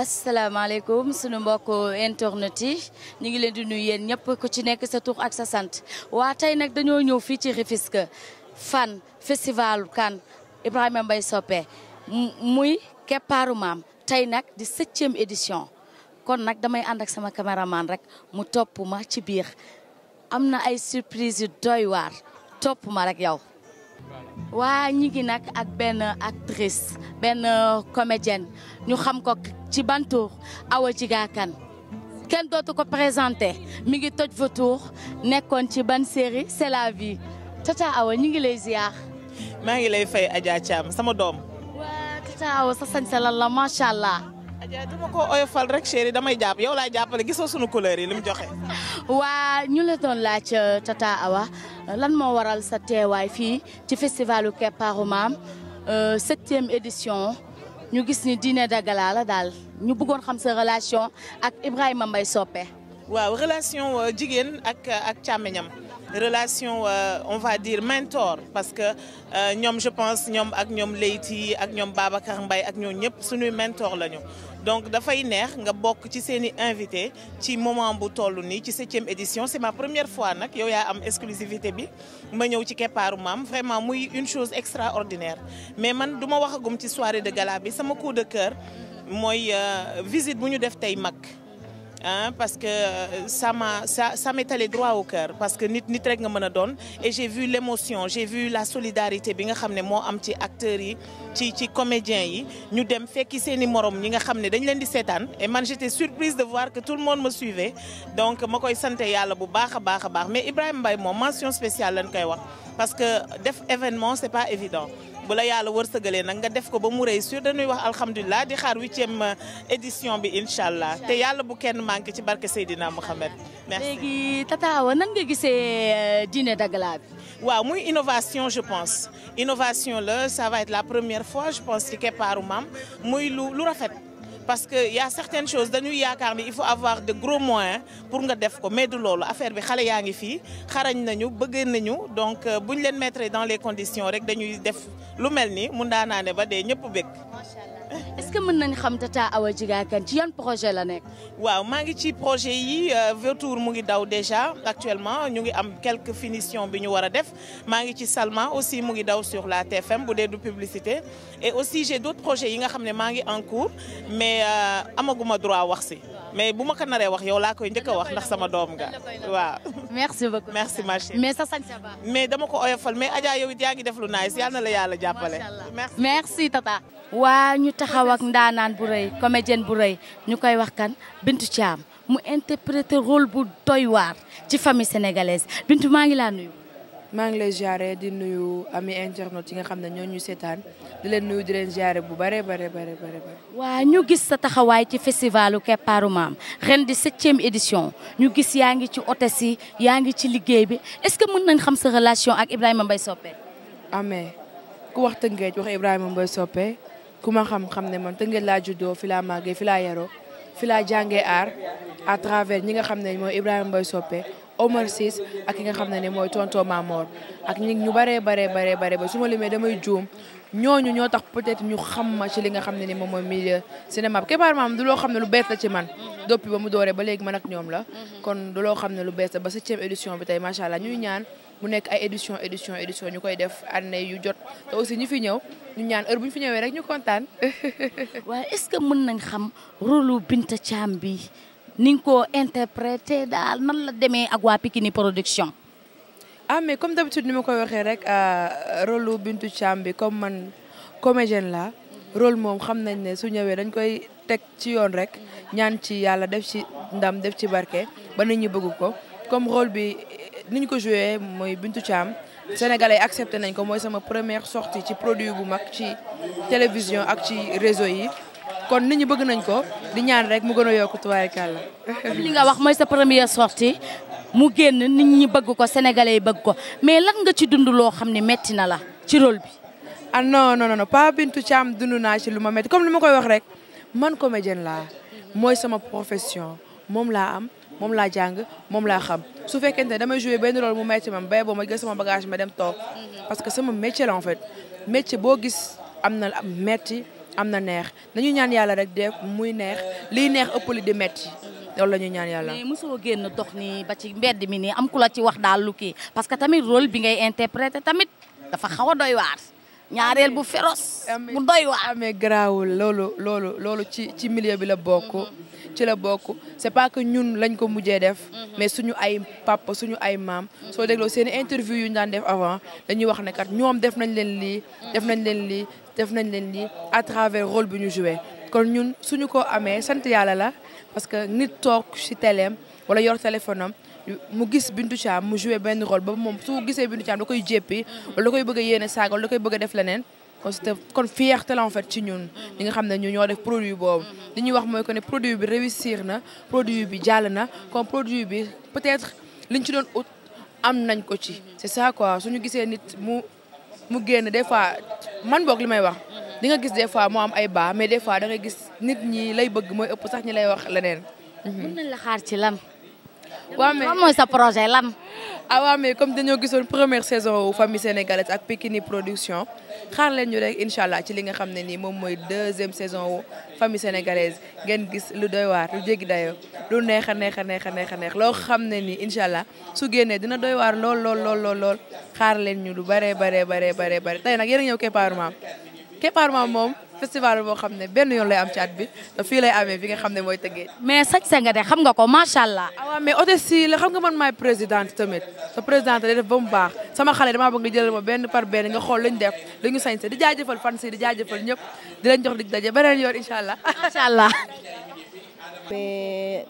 asalaamaaleykum sunu mbokku internet yi ñu ngi leen di nuyu yéen ñëpp ku ci nekk sa tur ak sa sant waa tey nag dañoo ñëw fii ci Rufisque fan festival kan Ibrahima Mbaye Sopé muy keppaaru maam tey nag di septième édition kon nag damay ànd ak sama caméraman rek mu topp ma ci biir am na ay surprise yu doy waar topp ma rek yow. waa ñi ngi nag ak benn actrice benn comédienne ñu xam ko ci ban tur Awa Diga Kane kenn dootu ko présenté mi ngi toj fa tour nekkoon ci ban série c'est la vie tata Awa ñu ngi lay ziar. maa ngi lay fay Adja Thiam sama doom. waa tata Awa sa sañ lan macha allah. Dia du ma ko oyofal rek chéri damay jàpp yow laay jàppale gisoo sunu couleur yi li mu joxe. waa ñu la doon laaj euh, Tata lan moo waral sa teewaay fii ci festivalu Keparu Maam euh, septième édition ñu gis ni Dîner de daal ñu bëggoon xam sa relation ak Ibrahima mbay Sopé. waaw relation euh, jigéen ak ak càmmiñam relation euh, on va dire mentor parce que euh, ñoom je pense ñoom ak ñoom Leyti ak ñoom Babacar Mbaye ak ñoo ñëpp suñuy mentor lañu donc dafay neex nga bokk ci seen i invité ci moment bu toll nii ci septième édition c'est ma première fois nag yow yaa am exclusivité bi ma ñëw ci keppaaru maam vraiment muy une chose extraordinaire mais man duma ma waxagum ci soirée de gala bi sama coup de cœur mooy euh, visite bu ñu def tey mag ah parce que euh, ça m'a ça ça m'est allé droit au cœur parce que nit nit rek nga mën a doon et j'ai vu l'émotion j'ai vu la solidarité bi nga xam ne moo am ci acteurs yi ci ci comédiens yi ñu dem fekki seen i morom ñi nga xam ne dañ leen di seetaan man j'étais surprise de voir que tout le monde me suivait donc ma koy sant yàlla bu baax a baax a baax mais Ibrahima mbay moom mention spéciale lañ koy wax parce que def événement c'est pas évident bu la yàlla wërsëgalee nag nga def ko ba mu réussir dañuy wax alhamdulilah di xaar huitième euh, édition bi incha allah te yàlla bu kenn manqué ci barke Seydina Mohamed. merci léegi Tata Awa nan nga gisee euh, dîner de gala bi. waaw muy innovation je pense innovation la ça va être la première fois je pense ci keppaaru maam muy lu lu rafet. parce que y' a certaines choses dañuy yaakaar ni il faut avoir de gros moyens pour nga def ko mais du loolu affaire bi xale yaa ngi fii xarañ nañu bëgg nañu donc euh, bu ñu leen mettre dans les conditions rek dañuy def lu mel ni mun naa ne ba dee ñëpp bëgg. est-ce que mën nañ xam Tata Awa Diga Kane ci yan projet la nekk. waaw maa ngi ci projet yi euh, Vautour mu ngi daw déjà actuellement ñu ngi am quelque finitions bi ñu war a def maa ngi ci Salma aussi mu ngi daw sur la TFM bu dee du publicité et aussi j'ai d'autres projets yi nga xam ne maa ngi en cours mais euh, amaguma droit wax si mais bu ma ko naree wax yow laa koy njëkk a wax ndax sama doom nga waaw. merci beaucoup merci ma chérie mais sa sañ sa mais dama ko oyofal mais Adja yow it yaa ngi def lu nice na la yàlla jàppale. merci taxaw ak naan bu rëy comédienne bu rëy ñu koy wax kan Bintu Thiam mu interprété rôle bu doy ci famille sénégalaise Bintu maa ngi laa nuyu. maa ngi lay ziare di nuyu ami internautes yi nga xam ne ñooñu seetaan di leen nuyu di leen ziare bu bare bare bare bare. waa ñu gis sa taxawaay ci festivalu Keppaaru Maam ren di septième édition ñu gis yaa ngi ci hôtesse yi yaa ngi ci liggéey bi est-ce que mën nañ xam sa relation ak Ibrahima mbay Sopé. amee wax Tëngéej wax Ibrahima Mbaye Sopé. ku ma xam-xam ne man Tëngéej laa juddoo fi laa màggee fi laa yaroo fi laa jàngee art travers ñi nga xam ne mooy Ibrahima Mbaye Soppe Omar Sis ak ki nga xam ne mooy tonton Mamor ak ñi ñu bare baree bare bare ba su ma limee damay juum ñooñu ñoo tax peut-être ñu xam ma ci li nga xam ne ni moom mooy milieu cinéma bi Képaru Maam du loo xam ne lu bees la ci man depuis ba mu dooree ba léegi man ak ñoom la mm-hmm. kon du loo xam ne lu bees la ba septième édition bi tey macha ñuy ñaan mu nekk a édition édition édition ñu koy def année yu jot te aussi ñu fi ñëw ñu ñaan heure bu ñu fi ñëwee rek ñu kontaan. waaye est-ce que mën nañ xam rôle Binta Thiam bi ni nga ko interprété daal nan la demee ak waa Pikini production. ah mais comme d'habitude ni ma koy waxee rek ah, rôle Binta Thiam bi comme man comédienne la rôle moom xam nañ ne su ñëwee dañ koy teg ci yoon rek ñaan ci yàlla def ci ndam def ci barke ba nit ñi comme rôle bi. ni ñu ko joué mooy Bintu Thiam sénégalais yi accepté nañ ko mooy sama première sorti ci produit bu mag ci télévision ak ci réseau yi kon nit ñi bëgg nañ ko di ñaan rek mu gën a yokk tubaarikàlla li nga wax mooy sa première sortie mu génn nit ñi bëgg ko sénégalais yi bëgg ko mais lan nga ci dund loo xam ni metti na la ci rôle bi ah non non non pas Bintu Thiam dundu naa ci lu ma metti comme li ma koy wax rek man comédienne laa mooy sama profession moom laa am moom laa jàng moom laa xam su fekkente ne damay joué benn rôle mu métier ma bay boo ma jël sama bagage ma dem toog mm-hmm. parce que sama métier la en fait boo gis am na metti am na neex nañu ñaan yàlla rek def muy neex liy neex ëpp li di metti mm-hmm. loolu la ñuy ñaan yàlla. mais mosoo génn dox nii ba ci mbedd mi nii am ku la ci wax daal lu kii parce que tamit rôle bi ngay interpréter tamit dafa xaw a doy waar ñaareel bu féroce. mu doy waa amee garaawul loolu loolu loolu ci ci milieu bi la bokk ci la bokk c'est pas que ñun lañ ko mujjee def mais suñu ay papa suñu ay maam soo dégloo seen interview yu ñu daan def avant dañuy wax ne kat ñoom def nañ leen lii def nañ leen lii def nañ leen lii à travers rôle bi ñu joué kon ñun suñu ko amee sant yàlla la parce que nit toog ci téléem wala yor téléphone am mu gis Bintou Thiam mu joué benn rôle ba moom su gisee Bintou Thiam da koy jéppi wala da koy bëgg a yéene saaga wala koy bëgg a def leneen kon c'était kon fierté la en ci ñun ñi nga xam ne ñu ñoo def produit boobu li wax mooy que ne produit bi réussir na produit bi jàll na comme produit bi peut-être liñ ci doon ut am nañ ko ci c'est ça su ñu gisee nit mu mu génn des fois man boog li may wax di nga gis des fois moo am ay baa mais des fois da ngay gis nit ñi lay bëgg mooy ëpp sax ñi lay wax leneen. la xaar ci lan. waaw mais lan mooy sa projet lan. ah waaw comme dañoo gisoon première saison wu famille sénégalaise ak Pikini production xaar leen ñu rek incha allah ci li nga xam ne nii moom mooy deuxième saison wu famille sénégalaise ngeen gis lu doy waar lu jéggi dayoo lu neex a neex a neex a neex a neex loo xam ne nii incha allah su génnee dina doy waar lool lool lool lool lool leen ñu lu baree baree baree baree baree tey nag yéen a ñëw Keparu Maam Keparu Maam festival boo xam ne benn yoon lay am ci at bi te fii lay amee fi nga xam ne mooy tëggee. mais sañse nga de xam nga ko macha allah. waaw ah mais hôtesse yi la xam nga man maay présidente tamit te présidente day def ba mu baax sama xale damaa bëgg nga jëlal ma benn par benn nga xool lu ñu def lu ñu sañse di jaajëfal fans yi di jaajëfal ñëpp di leen jox dig daje beneen yoon incha allah. macha allah.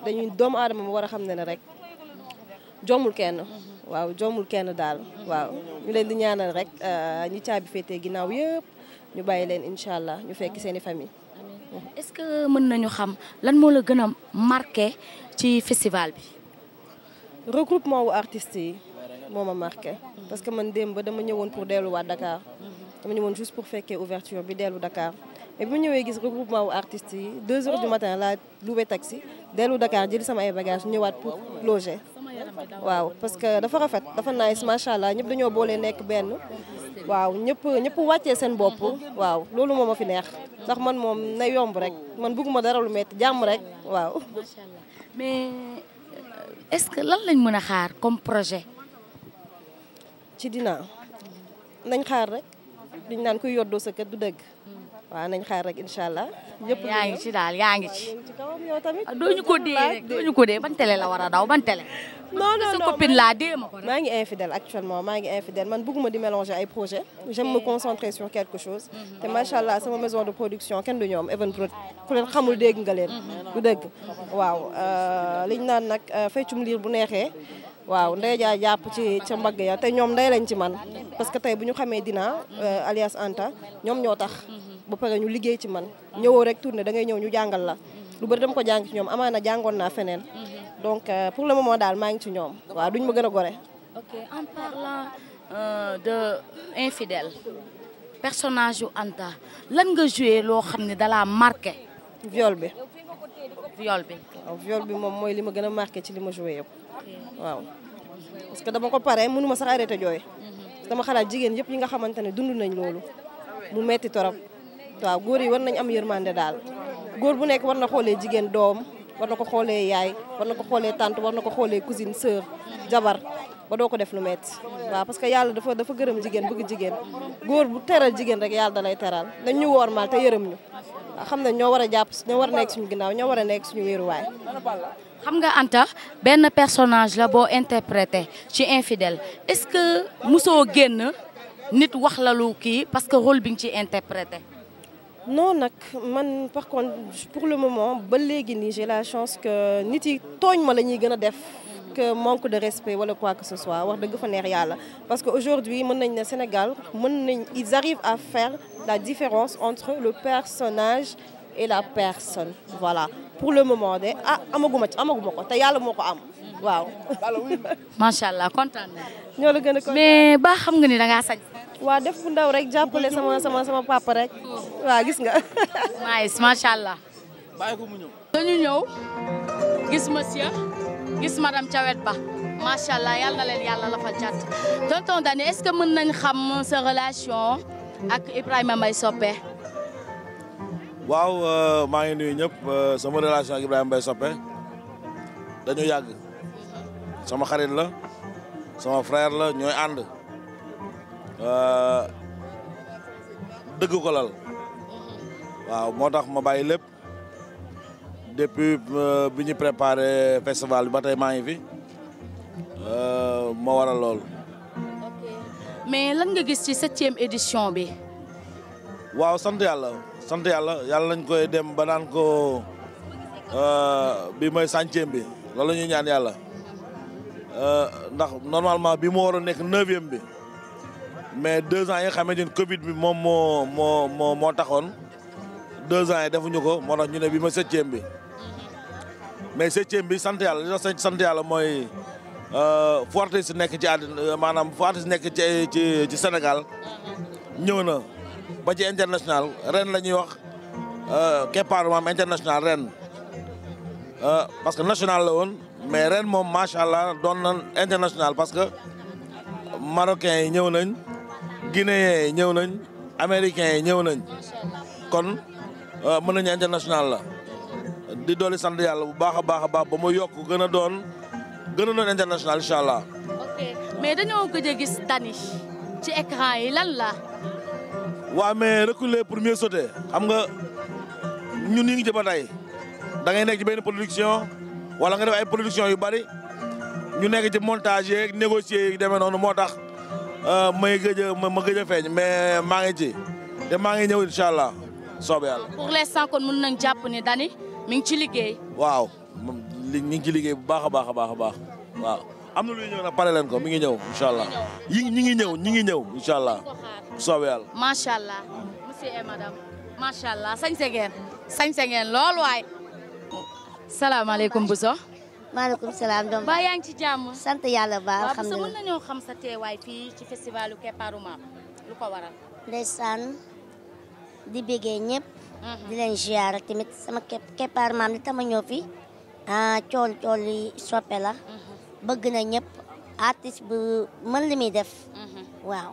dañuy doomu aadama mu war a xam ne ne rek joomul kenn. waaw joomul kenn daal waaw ñu leen di ñaanal rek euh, ñi caabi féetee ginnaaw yëpp. ñu bàyyi leen incha allah ñu fekk seeni i famille. est-ce que mën nañu xam lan moo la gën a marke ci festival bi. regroupement wu artistes yi moo ma marqué. parce que man démb dama ñëwoon pour delluwaat Dakar. dama ñëwoon juste pour fekkee ouverture bi dellu Dakar et bi gis regroupement wu yi 2 heures du matin laa loué taxi dellu Dakar jël sama ay bagages ñëwaat pour loger. waaw parce que dafa rafet dafa nice macha allah ñëpp dañoo boole nekk benn. waaw ñëpp ñëpp wàccee seen bopp waaw loolu moom a fi neex ndax man moom na yomb rek man bëgguma dara lu metti jàmm rek waaw. macha allah mais euh, est-ce que lan lañ mën a xaar comme projet. ci dina nañ xaar rek duñ naan kuy yoddoo sa kër du dëgg. waaw nañ xaar rek incha allah. ñëpp yaa ngi ci daal yaa ngi ci. Ah, doo ñu ko dee rek doo ñu ban télé la war a daw ban télé. non non non sa copine laa dee ma ko rek. maa ngi infidèle actuellement maa ngi infidèle man bëgguma di mélanger ay projet j'aime me concentrer sur quelque chose. Mhm. te macha sama maison de production kenn du ñoom Evenprod ku leen xamul dégg nga leen. Mhm. du dëgg waaw euh, liñ naan nag euh, feccum liir bu neexee. waaw ndey jaa jàpp ci ca mbagg ya te ñoom ndey lañ ci man parce que tey bu ñu xamee dina euh, alias Anta ñoom ñoo tax. Mhm. ba pare ñu liggéey ci man ñëwoo rek tourné da ngay ñëw ñu jàngal la lu bëri dama ko jàng ci ñoom na jàngoon naa feneen mm-hmm. donc euh, pour le moment daal ngi ci ñoom waaw duñ ma a gore ok euh, personnage yu Anta lan nga joué loo xam ne dalaa marqué viol bi viol bi waaw bi moom mooy li ma gën a marqué ci li ma joué yëpp parce que dama ko pare mënu ma sax arrêté jooy mm-hmm. dama xalaat jigéen yëpp yi nga xamante ne dund nañ loolu mu metti torop waaw góor yi war nañ am yërmande daal góor bu nekk war na xoolee jigéen doom war na ko xoolee yaay war na ko xoolee tànt war na ko xoolee cousine sœur jabar ba doo ko def lu metti waaw parce que yàlla dafa dafa gërëm jigéen bëgg jigéen góor bu teral jigéen rek yàlla da lay teral dañ ñu wormaal te yërëm ñu xam ne ñoo war a jàpp ñoo war a nekk suñu ginnaaw ñoo war a nekk suñu wéeruwaay xam nga Anta benn personnage la boo interprété ci infidèle est-ce que mosoo génn nit wax la lu kii parce que rôle bi nga ci interprété non nag man par contre pour le moment ba léegi nii j'ai la chance que nit yi tooñ ma la ñuy gën a def que manque de respect wala quoi que ce soit wax dëgg fa neex yàlla parce que aujourd'hui mën nañ ne Sénégal mën nañ ils arrivent à faire la différence entre le personnage et la personne voilà pour le moment de ah amaguma ci amaguma ko te yàlla moo ko am waaw. macha allah kontaan na. ñoo la gën a kontaan mais ba xam nga ni da ngaa waa def bu ndaw rek jàppale sama sama sama papa rek waa gis nga. nice macha allah. bàyyi ko mu ñëw. dañu ñëw gis monsieur gis madame Thiawet Ba macha allah yal leen yàlla la fa jàtt Dani est-ce que mën nañ xam sa relation ak Ibrahima Mbaye Sopé. waaw euh, maa ngi nuyu ñëpp euh, sama relation ak Ibrahima Mbaye Sopé dañu yàgg sama xarit la sama frère la ñooy ànd. Euh, dëgg ko lal waaw moo tax ma bàyyi lépp depuis euh, bi ñu préparé festival bi ba maa ngi fi euh, ma waral lool. mais lan nga gis ci septième édition bi. waaw sant yàlla sant yàlla yàlla lañ koy dem ba naan ko bi mooy centième bi loolu la ñuy ñaan yàlla ndax normalement bi mu war a nekk neuvième bi. mais deux ans yi nga xamante ni Covid bi moom moo moo moo moo taxoon deux ans yi defuñu ko moo tax ñu ne bi ma septième bi mais septième bi sant yàlla li tax sant yàlla mooy euh, fu artiste nekk ci àddina euh, maanaam fu artiste nekk ci ci ci Sénégal ñëw na ba ci international ren la ñuy wax euh, keppaar maam international ren parce que national la woon mais ren moom macha allah doon na international parce que marocain yi ñëw nañ. guinéens ñëw nañ américains yi ñëw nañ kon euh, mën nañu international la di dooli sant yàlla bu baax a baax a baax ba mu yokk gën a doon gën a doon international incha allah. ok mais dañoo gëj a gis Dany ci écran yi lan la. waaw mais reculer pour mieux sauter xam nga ñun ñu ngi ci ba tey da ngay nekk ci benn wala nga def ay production yu bari ñu nekk ci montage yeeg négocier yi demee noonu moo tax. Euh, may gëj a ma gëj a feeñ mais maa ngi ci te maa ngi ñëw incha allah soob yàlla. pour kon mën nañ jàpp ni Dany mi ngi ci liggéey. waaw moom mi ngi ci liggéey bu baax a baax a baax a baax waaw am na luy ñëw nag pare leen ko mi ngi ñëw incha allah. ñi ñi ngi ñëw ñi ngi ñëw incha allah. soob yàlla. macha allah macha allah sañ se ngeen. sañ maaleykum salaam doom ba yaa ngi ci jàmm. sant yàlla ba alhamdulilah waaw mën nañoo xam sa teewaay fii ci festivalu Keparu Maam lu ko waral. ndeysaan di bëggee ñëpp. Mhm. di leen ziar tamit sama Keparu Maam li tama ñëw fi ah cool cool yi soppe la. Mhm. bëgg na ñëpp artiste bu mën li muy def. Mhm. waaw.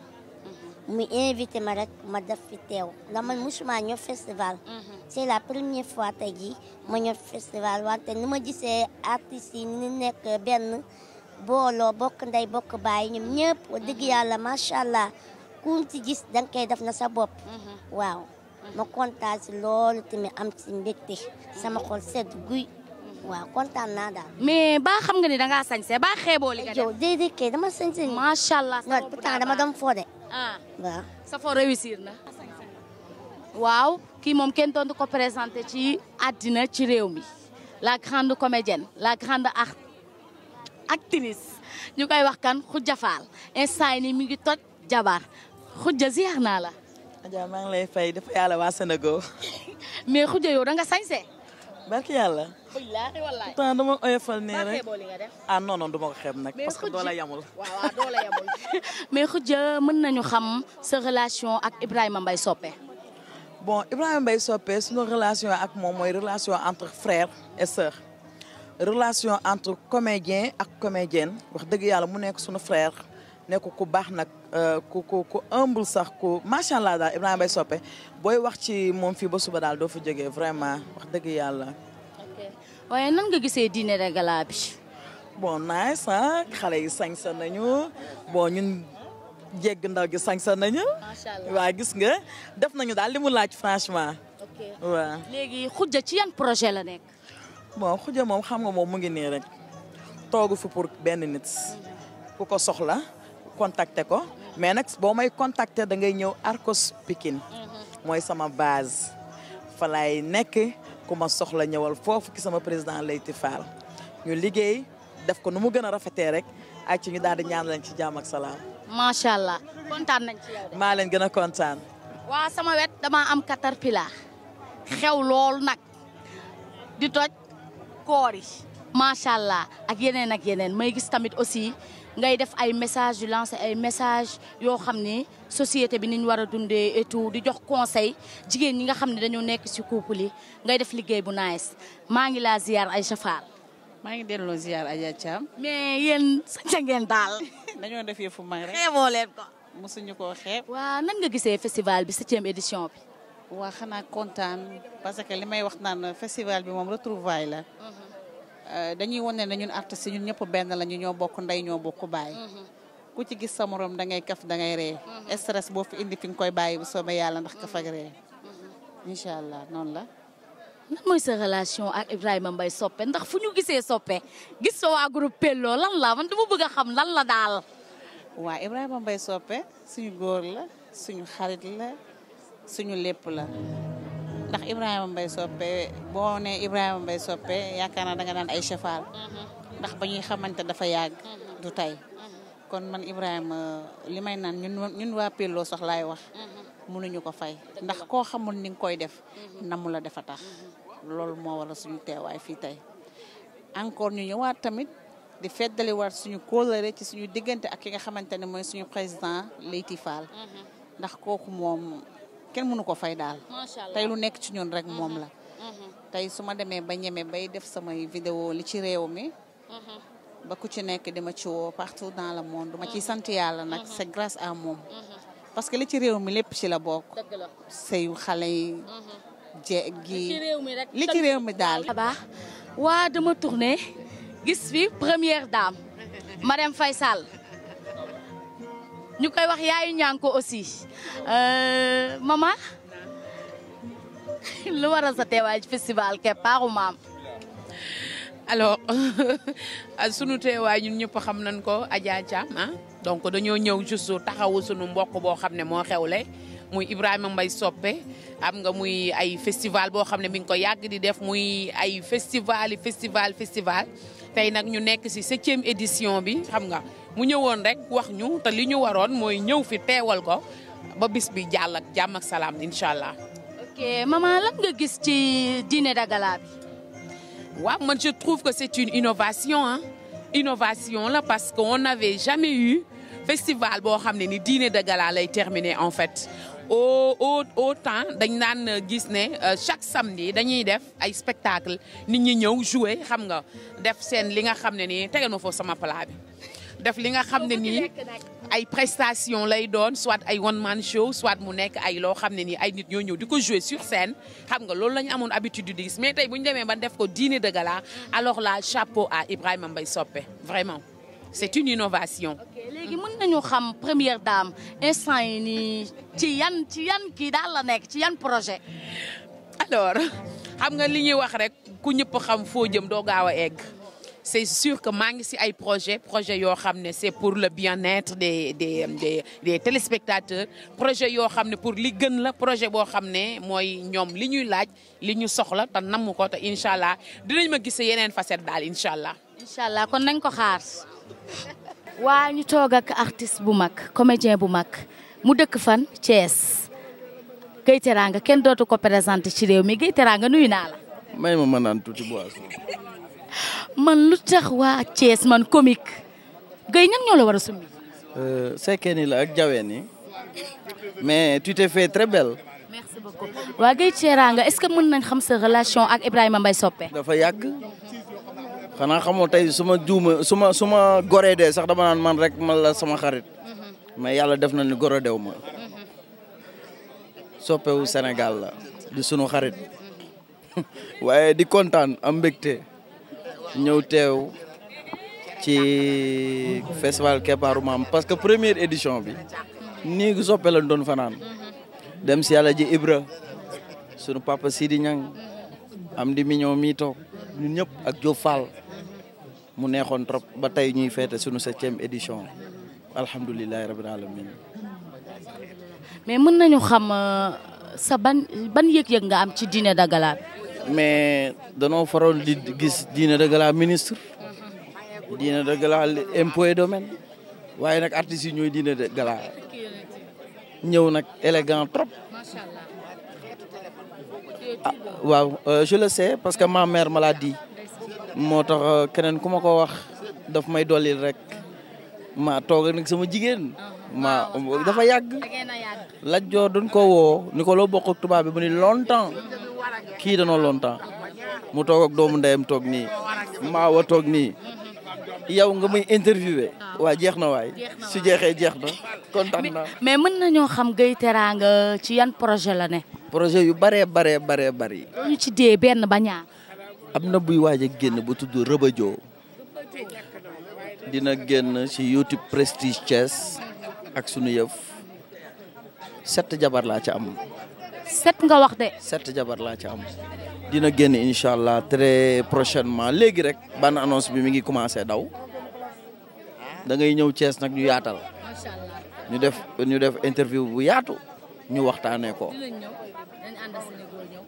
mu invité ma rek ma def fi teew ndax man musuma ñëw festival c'est la première fois tey jii ma ñëw festival wante ni ma gisee artistes ni nekk benn booloo bokk ndey bokk bàyyi ñoom ñëpp dëgg yàlla macha allah ku ci gis danga koy def na sa bopp waaw ma kontaan si loolu tamit am si mbégte sama xol sedd guy waaw kontaan naa daal. mais ba xam nga ni da ngaa sañse ba xeeboo li nga def. déedéet kay dama sañse. macha allah sama dama doon foo de. ah waaw réussir na waaw kii moom kenn doon ko présenté ci àddina ci réew mi la grande comédienne la grande art actrice ñu koy wax kan Khoudia Fall instant yi nii mi ngi toj jabar Khoudia ziar naa la Adja maa ngi lay fay dafa yàlla waa Sénégal mais Khoudia yow da nga sañse barki yàlla billaahi dama oyofal nee rek ah non non ma ko xeeb nag. parce que doo la yamul waaw waaw doo mais Khoudia mën nañu xam sa relation ak Ibrahima Mbaye Sopé. bon Ibrahima Mbaye Sopé suñu relation ak moom mooy relation entre frère et sœur. relation entre comédien ak comédienne wax dëgg yàlla mu nekk suñu frère. nekk ku baax nag euh, ku ku ku humble sax ku macha allah daal Ibrahima Mbaye Sopé booy wax ci moom fii ba suba daal doo fa jege vraiment wax dëgg yàlla. waaye nan nga gisee dîner de gala bi. bon nice ah. xale yi sañse nañu bon ñun jégg ndaw gi sañse nañu. macha waa gis nga def nañu daal li mu laaj franchement. ok waaw léegi Khoudia ci yan projet la nekk. bon Khoudia moom xam nga moom mu ngi nii rek toogu fu pour benn nit ku ko soxla contacter ko mais nag boo may contacter da ngay ñëw Arcos pikin mhm. mooy sama base fa laay nekk. ku ma soxla ñëwal foofu ki sama président Leyti Fall ñu liggéey def ko nu mu gën a rafetee rek ak ci ñu daal di ñaan lañ ci jàmm ak salaam. macha allah kontaan nañ ci yow maa leen gën a kontaan. waa sama wet damaa am caterpillar xew lool nag di toj koor yi. macha allah ak yeneen ak yeneen may gis tamit aussi. ngay def ay message yu ay message yoo xam ne société bi ni ñu war a dundee et di jox conseil jigéen ñi nga xam ne dañoo nekk ci couple li ngay def liggéey bu nice maa ngi laa ziar ay safaar. maa ngi delloo ziar Adja Thiam. mais yéen sañ ngeen daal. dañoo def yëfu mag rek xeeboo leen ko. mosuñu ko xeeb. waaw nan nga gisee festival bi septième édition bi. waa xanaa kontaan parce que li may wax naan festival bi moom retrouvaille la. Mhm. Euh, dañuy wane ne ñun artistes ñun ñëpp benn la ñu ñoo bokk ndey ñoo bokk baay. Mm-hmm. ku ci gis sa moroom da ngay kaf dangay ngay ree. Mm-hmm. stress boo fi indi fi nga koy bàyyi bu soobee yàlla ndax kaf ak mm-hmm. ree. incha allah noonu la. lan mooy sa relation ak Ibrahima mbay soppe ndax fu ñu gisee soppe gis sa waa groupe Pello lan la man dama bëgg a xam lan la daal. waaw Ibrahima mbay soppe suñu góor la suñu xarit la suñu lépp la. ndax Ibrahima mbay Sopé boo nee Ibrahima Mbaye Sopé yaakaar naa da nga naan ay cheval mm-hmm. ndax ba ñuy xamante dafa yàgg mm-hmm. du tey mm-hmm. kon man Ibrahima li may naan ñun ñun waa Pelloo sax laay wax mënuñu ko fay ndax koo xamul ni koy def namu la dafa tax loolu moo waral suñu teewaay fii tey encore ñu ñëwaat tamit di feddaliwaat suñu kóolare ci suñu diggante ak ki nga xamante ne mooy suñu président Leyti Fall ndax kooku moom kenn mënu ko fay daal. tey lu nekk ci ñun rek moom la. Mm-hmm. Mm-hmm. tey su ma demee ba ñemee bay def samay vidéo li ci réew mi. Mm-hmm. ba ku ci nekk dima ci woo partout dans le monde ma ciy sant yàlla nag c'est grâce à moom. parce que li ci réew mi lépp ci la bokk. sëyu xale yi. jeeg li ci réew mi daal. waa dama tourné gis fi première dame. Marème Faye Sall. ñu koy wax yaayu ñaan ko aussi euh, mama lu waral sa teewaay ci festival Keparu Maam alors ah, sunu teewaay ñu ñëpp xam nañ ko ajaa Thiam ah donc dañoo ñëw juste taxawu sunu mbokk boo xam ne moo xewle muy Ibrahima Mbaye Soppe am nga muy ay festival boo xam ne mi nga ko yàgg di def muy ay festival yi festival festival tey nag ñu nekk ci septième édition bi xam nga mu ñëwoon rek wax ñu te li ñu waroon mooy ñëw fi teewal ko ba bis bi jàll ak jàmm ak salaam incha allah. ok maman lan nga gis ci dîner de gala bi. waaw man je trouve que c'est une innovation ah innovation la parce qu'on n'avait jamais eu festival boo xam ne ni dîner de gala lay termine en fait. au au au temps dañ naan euh, gis ne euh, chaque samedi dañuy def ay spectacle nit ñi ñëw jouer xam nga def seen li nga xam ne nii tegal ma foofu sama plat bi def li nga xam ne nii ay prestation lay doon soit ay one man show soit mu nekk ay loo xam ne nii ay nit ñoo ñëw di ko joue sur scène xam nga loolu lañu ñu amoon habitude di gis mais tey bu ñu demee ba def ko dîner de gala alors la chapeau à Ibrahima Mbaye Sopé vraiment c'est une innovation. léegi mën nañu xam première dame instant yi nii ci yan ci yan kii daal la nekk ci yan projet. alors xam nga li ñuy wax rek ku ñëpp xam foo jëm doo gaaw a egg. c'est sûr que maa ngi ci ay projet projet yoo xam ne c'est pour le bien-être des des des des téléspectateurs projet yoo xam ne pour li gën la projet boo xam ne mooy ñoom li ñuy laaj li ñu soxla te namm ko te incha allah dinañ ma gis yeneen facette daal incha allah. kon nañ ko xaar. waa ñu toog ak artiste bu mag comédien bu mag mu dëkk fan Thiès Gueye Teranga kenn dootu ko présenté ci réew mi Gueye Teranga nuyu naa la. may ma ma naan tuuti boisson. man lu tax waa Thiès man comique Gueye ñan ñoo la war a summi. Euh, sekkeen yi la ak jaween yi mais tu te fait très belle. waa Gueye Teranga est-ce que mën nañ xam sa relation ak Ibrahima Mbaye Sopé. dafa yàgg. xanaa xamoo tey suma ma juuma su su ma goree dee sax dama naan man rek ma la sama xarit mhm. mais yàlla def na ni goree dew ma mhm. soppewu Sénégal la di sunu xarit waaye di kontaan am mbégte ñëw teew ci festival Keppaaru Maam parce que première édition bi nii gu soppe lañ doon fanaan mhm. dem si yàlla ji Ibra sunu papa Sidi Niang am di mignon mii toog ñëpp ak Diop mu neexoon trop ba tey ñuy feete suñu septième édition alhamdulilahi rabbil alamin mais mën nañu xam euh, sa ban ban yëg-yëg nga am ci diine de gala mais danoo faroon di gis dîner de gala ministre dîner de gala impôt et domaine waaye nag artistes yi ñooy dîner gala ñëw nag élégant trop ah waaw euh, je le sais parce que ma mère me moo tax euh, keneen ku ma ko wax daf may dollil rek ma tooga nag sama jigéen ma um, dafa yàgg laj joor dañ ko woo ni ko loo bokk tubaab bi mu ni longtemps kii danoo longtemps mu toog ak doomu ndeyam toog nii maawa toog nii yow nga muy interviewé waa jeex na waay si jeexee jeex na kontaan na mais mën nañoo xam Gueye teraanga ci yan projet la ne projet yu baree baree baree bari ñu ci dee ba ñaar am na buy waaj a génn bu tudd Rëbëjoo dina génn ci YouTube Prestige Thiès ak sunu yëf set jabar laa ci am. set nga wax set jabar laa ci am. dina génn incha allah très prochainement léegi rek ban annonce bi mi ngi commencé daw dangay ñëw Thiès nag ñu yaatal. ñu def ñu def interview bu yaatu ñu waxtaanee ko.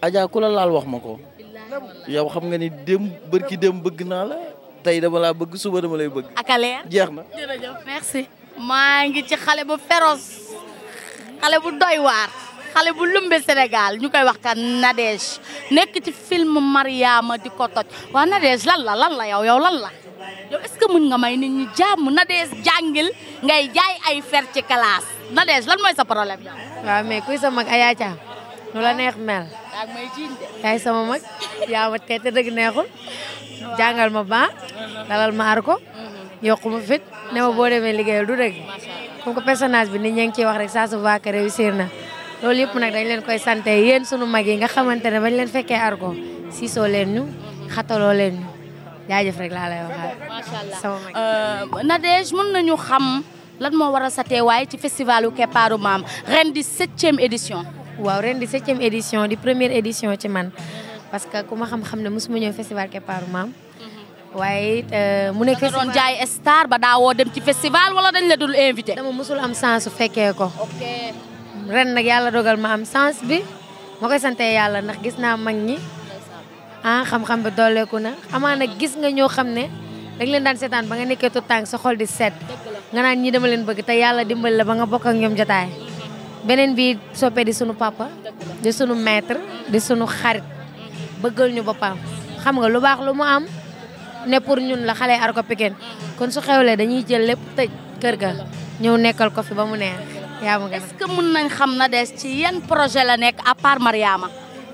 Adja ku la laal wax ma ko. yow xam nga ni dem bërki dem bëgg naa la tey dama laa bëgg suba dama lay bëgg. ak leer jeex na. merci. maa ngi ci xale bu féroce xale bu doy waar xale bu lumbe Sénégal ñu koy wax ka Nadège nekk ci film Mariama di ko toj waa Nadège lan la lan la yow yow lan la yow est-ce que mën nga may nit ñi jàmm Nadège jàngil ngay jaay ay fer ci classe Nadège lan mooy sa problème yow. waaw kuy sa mag Aya nu la neex mel. yaay sama mag yaa ma tey te dëgg neexul. jàngal ma baax. dalal ma aar ko. yokku ma fit ne boo demee liggéey du dëgg. comme que personnage bi ni ñi ngi ciy wax rek ça se réussir na. loolu yëpp nag dañ leen koy sant yéen sunu mag yi nga xamante ne bañ leen fekkee arko ko siisoo leen ñu xataloo leen ñu jaajëf rek laa lay waxaat. macha allah euh, nañu xam lan moo waral sa teewaay ci festivalu Keparu Maam ren di septième édition. waaw ren di septième édition di première édition ci man parce que ku ma xam-xam ne mosuma ñëw festival Keparu Maam mhm. waaye euh, mu nekk festival doon jaay star ba daawoo dem ci festival wala dañ la dul invité. dama mosul am chance su fekkee ko. ren nag yàlla dogal ma am chance bi ma koy sante yàlla ndax gis naa mag ñi ah xam-xam bi dooleeku na amaana gis nga ñoo xam ne dañ leen daan seetaan ba nga nekkee tout tànk sa xol di set nga naan ñi dama leen bëgg te yàlla dimbali la ba nga bokk ak ñoom jotaay. beneen bi soppe di sunu papa di suñu maître di sunu xarit ba bëggal ñu boppam xam nga lu baax lu mu am ne pour ñun la xale ar ko kon su xewlee dañuy jël lépp tëj kër ga ñëw nekkal ko fi ba mu neex yaa ma est-ce nañ xam na des ci yan projet la nekk à part Mariama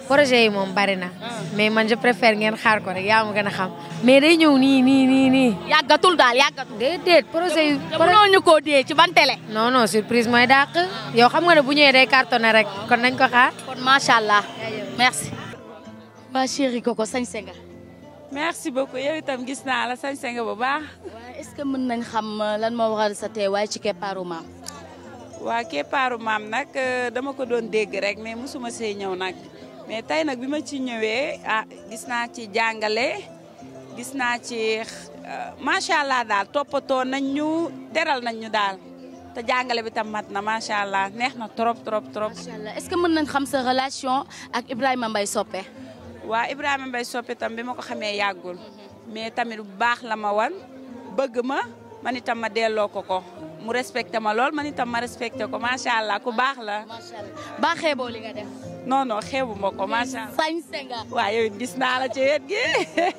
projet yi moom bari na. mais man je préfère ngeen xaar ko rek yaa ma gën a xam. mais day ñëw nii nii nii nii. yàggatul daal yàggatul. déedéet projet yi. te mënoo ñu koo dee ci bantele télé. non non surprise mooy dàq. yow xam nga ne bu ñëwee day cartonné rek kon nañ ko xaar. kon macha allah merci. ma ko ko sañ nga. merci beaucoup yow itam gis naa la sañ nga bu baax. waaye est-ce que mën nañ xam euh, lan moo waral sa teewaay ci keppaaru maam. waa keppaaru maam nag euh, dama ko doon dégg rek mais mosuma see ñëw nag. mais tey nag bi ma ci ñëwee ah gis naa ci jàngale gis naa ci euh, macha allah daal toppatoo nañ ñu teral nañ ñu daal te jàngale bi tam mat na macha allah neex na trop trop trop. est-ce que mën nañ xam sa relation ak Ibrahima Mbaye Sopé. waa Ibrahima Mbaye Sopé tam bi ma ko xamee yàggul. mais tamit bu baax la ma wan bëgg ma ma itam ma delloo ko ko. mu respecté ma lool man itam ma respecté ko macha allah ku baax la. baaxee boo li nga dem non non xeebu ma ko macha sañse nga. waaw yow gis naa la ci wet gi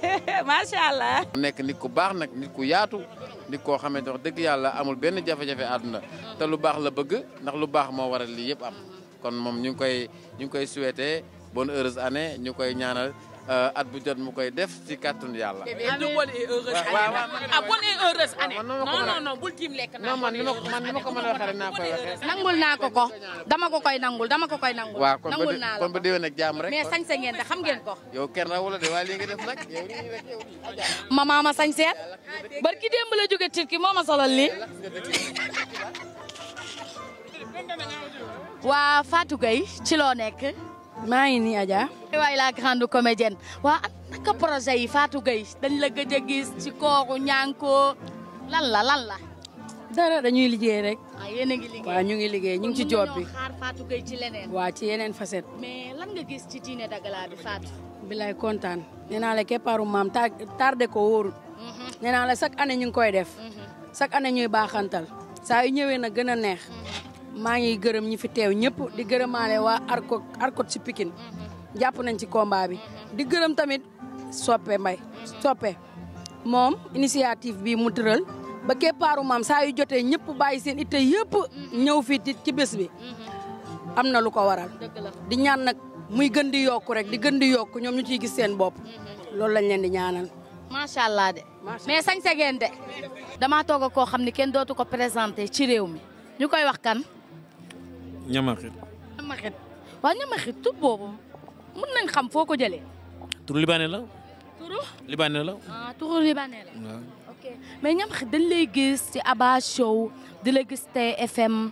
macha allah. nekk nit ku baax nag nit ku yaatu nit koo xamante wax dëgg yàlla amul benn jafe-jafe àdduna te lu baax la bëgg ndax lu baax moo waral lii yëpp am kon moom ñu ngi koy ñu ngi koy souhaiter bonne ñu koy ñaanal. Euh, at bu jot mu koy def ci kàttanu yàlla. non non non bul tiim lekk man ni ma ko mën a waxee rek naa koy waxee. nangul naa ko ko dama ko koy nangul dama ko koy nangul. nangul naa la kon ba déwén ak jàmm rek. mais sañse ngeen xam ngeen ko. yow kenn wala de waaye li def nag yow nii rek yow. maman ma sañseen barki démb la jóge Turquie moo ma solal lii. waa Fatou Gueye ci maa ngi nii Adja. waay la grande comédienne waa naka projet yi Fatou Gueye dañ la gëj a gis ci kooru ñaankoo lan la lan la. dara dañuy liggéey rek. ah yéen a ngi liggéey waaw ñu ngi liggéey ñu ngi ci job bi xaar ci leneen. waa ci yeneen facette. mais lan nga gis ci Djiné Dagala bi Fatou. kontaan nee naa la keppaaru maam tardé ko wóorul. Mhm. nee naa la chaque année ñu ngi koy def. Mhm. chaque année ñuy baaxantal saa yu ñëwee na gën a neex. Mhm. maa ngi gërëm ñi fi teew ñëpp di gërëmaale waa arko arkot si Pikine mm-hmm. jàpp nañ ci combat bi mm-hmm. di gërëm tamit soppe mbay mm-hmm. soppe moom initiative bi mu tëral ba keppaaru maam saa yu jotee ñëpp bàyyi seen itte yëpp ñëw fii ci bés bi am na lu ko waral di ñaan nag muy gën di yokk rek di gën di yokk ñoom ñu ciy gis seen bopp loolu lañ leen di ñaanal macha allah de mais sañ segeen de damaa toog a koo xam ne kenn dootu ko présenté ci réew mi ñu koy wax kan ñamaxit ñamaxit waaw ñamaxit tur boobu mën nañ xam foo ko jëlee tur libaane la turu libaane la ah turu libaane la waaw mais ñamaxit dañ lay gis ci Aba Show di la gis TFM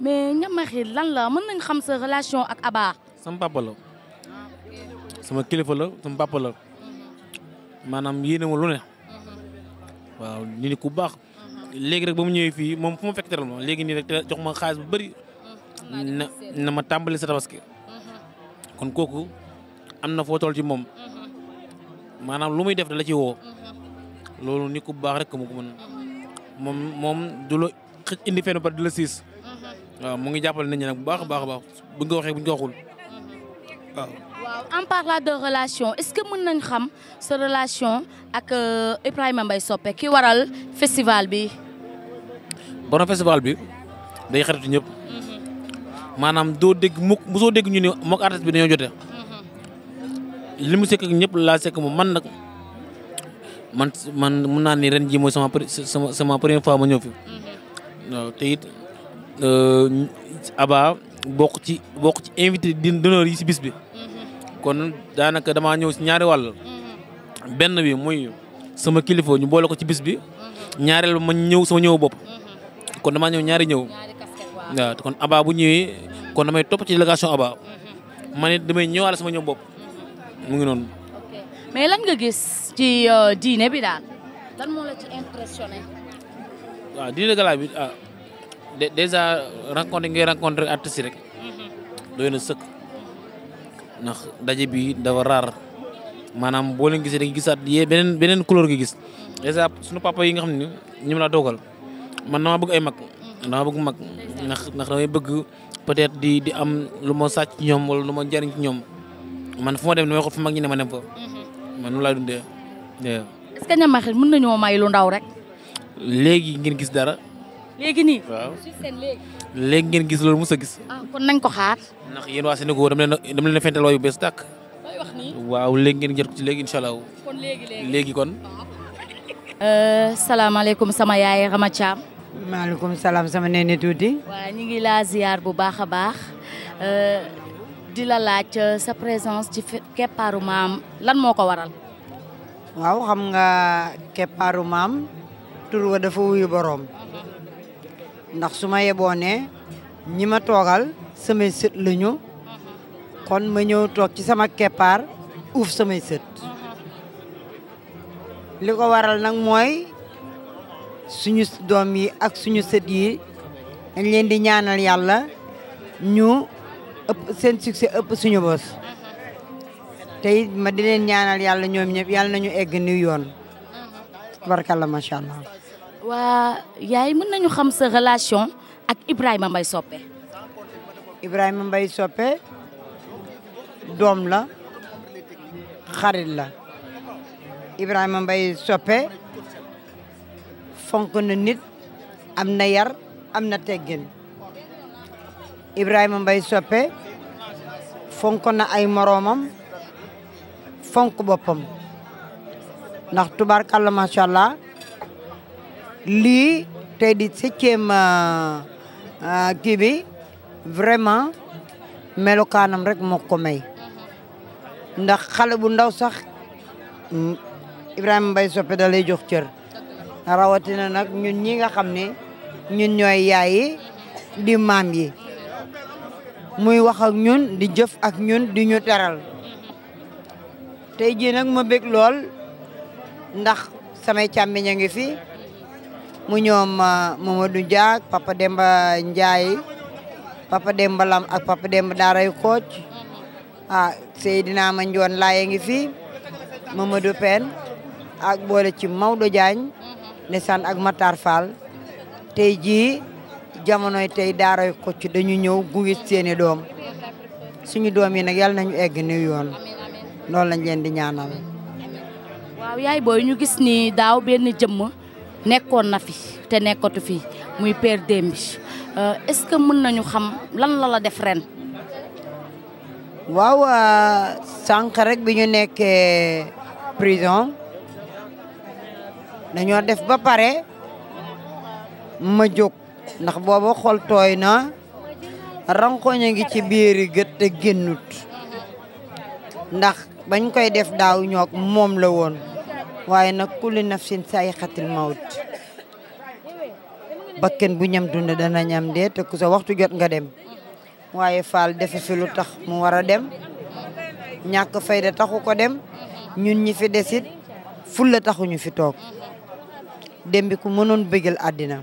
mais ñamaxit lan la mën nañ xam sa relation ak Aba sa papa la ah, sama kilifa la sama papa la mhm. maanaam yéene ma lu ne mhm. waaw ñu baax mhm. léegi rek ba mu ñëwee fii moom fu ma fekk teral ma léegi nii rek jox ma xaalis bu bëri na na ma tàmbali sa tabaski mm-hmm. kon kooku am na foo toll ci moom mm-hmm. maanaam lu muy def da la ci woo mm-hmm. loolu ni ku baax rek mu ko mën moom moom du la indi fenn ba di la siis waaw mu ngi jàppale nit ñi nag bu baax a baax a baax bu ñu ko waxee bu ñu waxul waaw. en parlant de relation est-ce que mën nañ xam sa relation ak euh, Ibrahima Mbaye Sopé ki waral festival bi. borom festival bi day xaritu ñëpp. maanaam doo dégg mukk mosoo dégg ñu ne mook artiste bi dañoo jote mhm. li mu sekk ñëpp laa sekk moom man nag man man mun naa ni ren ji mooy sama sama sama première fois ma ñëw fi mhm. waaw te euh, bokk ci bokk ci invité d'honneur yi si bis bi mhm. kon daanaka damaa ñëw si ñaari wàll benn bi muy sama kilifa ñu boole ko ci bis bi ñaareel ma ñëw sama ñëw bopp kon damaa ñëw ñaari ñëw waaw kon Aba bu ñëwee kon damay topp ci délégation Aba man mhm. it damay ñëwaale sama ñoom bopp mhm. mu ngi noonu. mais lan nga gis ci euh, diine bi daal. lan moo la ci impressionné. waaw diine gala bi ah rencontre ngay rencontre artiste rek. Mhm. doy na sëkk ndax daje bi dafa raar maanaam boo leen gisee da nga gisaat yee beneen beneen couleur nga gis sunu papa yi nga xam ne ñu la toogal man dama bëgg ay mag. dama bëgg mag ndax ndax damay bëgg peut-être di di am lu ma sàcc ci ñoom wala lu ma jariñ ci ñoom man fu ma dem damay xool fu mag ñi ne ma dem fa mhm. man nu laa dundee est-ce que ñamax mën nañoo may lu ndaw rek léegi ngeen gis dara léegi nii waaw léegi ngeen gis loolu mos a gis ah, kon nañ ko xaar ndax yéen waa seen dama leen dama leen fental waayu bees tàkk waaw léegi ngeen jot ko ci léegi incha allah léegi kon euh, salaamaaleykum sama yaay Rama Thiam maaleykum salaam sama nee ne tuuti. waaw ñu ngi laa ziar bu baax a baax euh, di la laaj euh, sa présence ci keppaaru maam lan moo ko waral. waaw xam nga keppaaru maam tur wa dafa wuyu boroom ndax su ma yeboo ne ñi ma toogal samay sët lañu kon ma ñëw toog ci sama keppaar uuf samay sët mhm. li ko waral nag mooy. suñu doom yi ak suñu sët yi leen di ñaanal yàlla ñu ëpp seen succès ëpp suñu bos tey ma di leen ñaanal yàlla ñoom ñëpp yàlla nañu egg ni yoon barkalla macha allah. waa yaay mën nañu xam sa relation ak Ibrahima Mbaye Soppe. Ibrahima Mbaye Soppe doom la xarit la Ibrahima Mbaye Soppe. fonk na nit am na yar am na teggin Ibrahima Mbaye Sopé fonk na ay moroomam fonk boppam ndax tubaarkàlla macha allah lii tey di septième euh, euh, kii bi vraiment melokaanam rek moo ko may ndax xale bu ndaw sax mm, Ibrahima Mbaye Sopé da lay jox cër. rawatina nag ñun ñi nga xam ni ñun ñooy yaay yi di maam yi muy waxak ak ñun di jëf ak ñun di ñu teral tey jii nag ma bég lool ndax samay càmmiñ a ngi fi mu ñoom uh, Mamadou Dia Papa Demba Ndiaye Papa Demba Lam ak Papa Demba Daaray Kocc a Seydina Ma Njoon Laay a ngi fi Mamadou Pène ak boole ci Maodo Diagne ndeysaan ak Matar Fall tey jii jamonoy tey daaray Kocc dañu ñëw gunge seeni doom suñu doom yi nag yàlla nañu egg ni yoon loolu lañ leen di ñaanal. waaw yaay booy ñu gis ni daaw benn jëmm nekkoon na fi te nekkatu fi muy Père Demby euh, est-ce que mën nañu xam lan la la def ren. waaw euh, sànq rek bi ñu nekkee prison. dañoo def ba pare ma jóg ndax booba xol tooy na rankoñ a ngi ci biiri gët te génnut ndax bañ koy def daaw ñoog moom la woon waaye nag kulli nafsin saayixatil mawt bakken bu ñam dund dana ñam dee te ku sa waxtu jot nga dem waaye Fall defe fi lu tax mu war a dem ñàkk fayda taxu ko dem ñun ñi fi desit fulla taxuñu fi toog dem bi ku mënoon bëggal àddina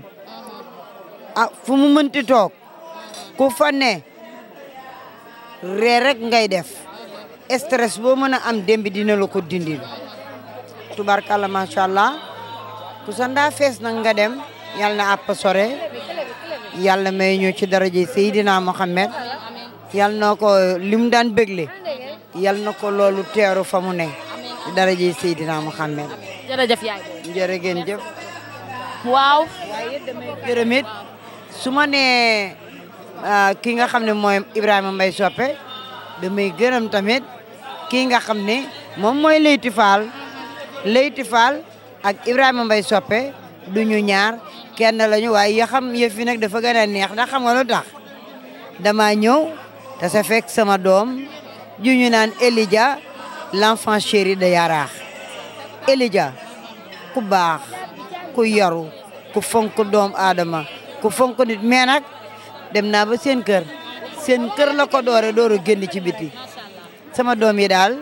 ah fu mu mënti toog ku fa ne ree rek ngay def stress boo mën a am dem dina la ko dindil tubarkalla macha allah ku sa ndaa fees nag nga dem yàlla na àpp sore yàlla may ñu ci daraje Seydina Mohamed yàlla na ko li mu daan bégle yàlla na ko loolu teeru fa mu ne ci daraje Seydina Mohamed jërëjëf jëf waaw waaye damay gërëm it su ma nee ah, ki nga xam ne mooy Ibrahima mbay Soppe damay gërëm tamit kii nga xam ne moom mooy Leyti Fall Leyti Fall ak Ibrahima mbay Soppe du ñu ñaar kenn lañu waaye ya xam yëf yi nag dafa gën neex ndax xam nga lu tax dama ñëw te sa fekk sama doom ju ñu naan Elidia l'enfant chéri de Yaraax Elidia ku baax ku yaru ku fonk doom aadama ku fonk nit mais nag dem naa ba seen kër seen kër la ko doore door a génn ci biti sama doom yi daal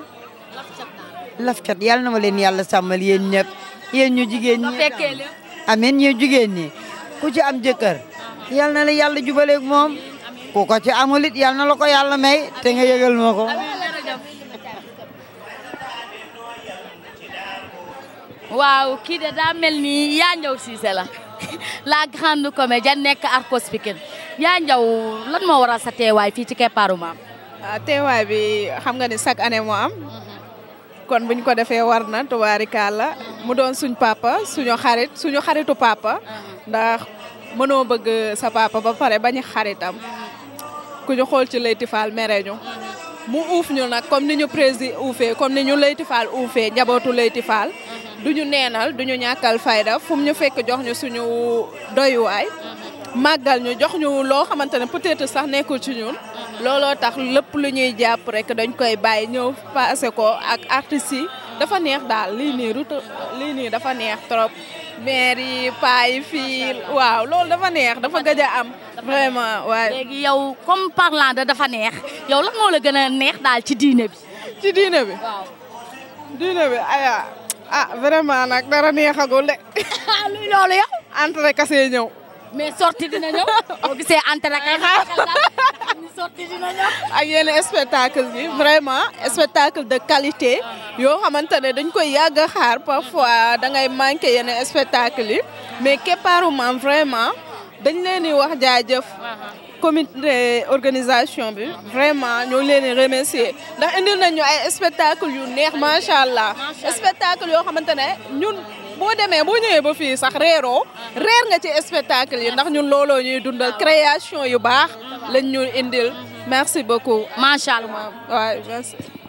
lafcat yàlla na ma leen yàlla sàmmal yéen ñëpp yéen ñu jigéen ñi amin ñu jigéen ñi ku ci am jëkkër yàlla na la yàlla jubaleeg moom ku ko ci amulit yàlla na la ko yàlla may te nga yëgal ma waaw kii de daa mel nii yaa njaw siise la la grande comédienne nekk Arcos Pikine yaa njaw lan moo waral sa teewaay fii ci keppaaru maam ah, teewaay bi xam nga ni chaque année moo am kon buñ ko defee war na tubaarikàlla mu doon suñ papa suñu xarit suñu xaritu papa ndax mënoo bëgg sa papa ba pare bañu xaritam ku xool ci Leyti Fall mere ñu mu uuf ñu nag comme ni ñu prési uufee comme ni ñu Leyti Fall uufee njabootu Leyti Fall du ñu neenal du ñu ñàkkal fayda fu ñu fekk jox ñu suñu doyuwaay. màggal ñu jox ñu loo xamante ne peut-être sax nekkul ci ñun. looloo tax lépp lu ñuy jàpp rek dañ koy bàyyi ñëw passé ko ak artistes yi. dafa neex daal lii nii rut lii nii dafa neex trop. maire yi yi fii waaw loolu dafa neex dafa gëj a am. vraiment waaye. léegi yow comme parlant de dafa neex yow lan moo la gën a neex daal ci diine bi. ci diine bi diine bi aya ah vraiment nag dara neexagul de. luy loolu yow. entrée kase ñëw. mais sorti dina ñëw. boo gisee entrée kay ah. ñëw. ak yenn spectacle bi vraiment spectacle de qualité yoo xamante ne dañ koy yàgg a xaar parfois da ngay manqué yenn spectacle yi mais keppaaru maam vraiment dañ leen di wax jaajëf. comité organisation bi vraiment ñoo ngi leen di remercier ndax indil nañu ay spectacle yu neex macha allah spectacle yoo xamante ne ñun boo demee boo ñëwee ba fii sax reeroo reer nga ci spectacle yi ndax ñun looloo ñuy dundal création yu baax lañ ñu indil merci beaucoup macha allah waaw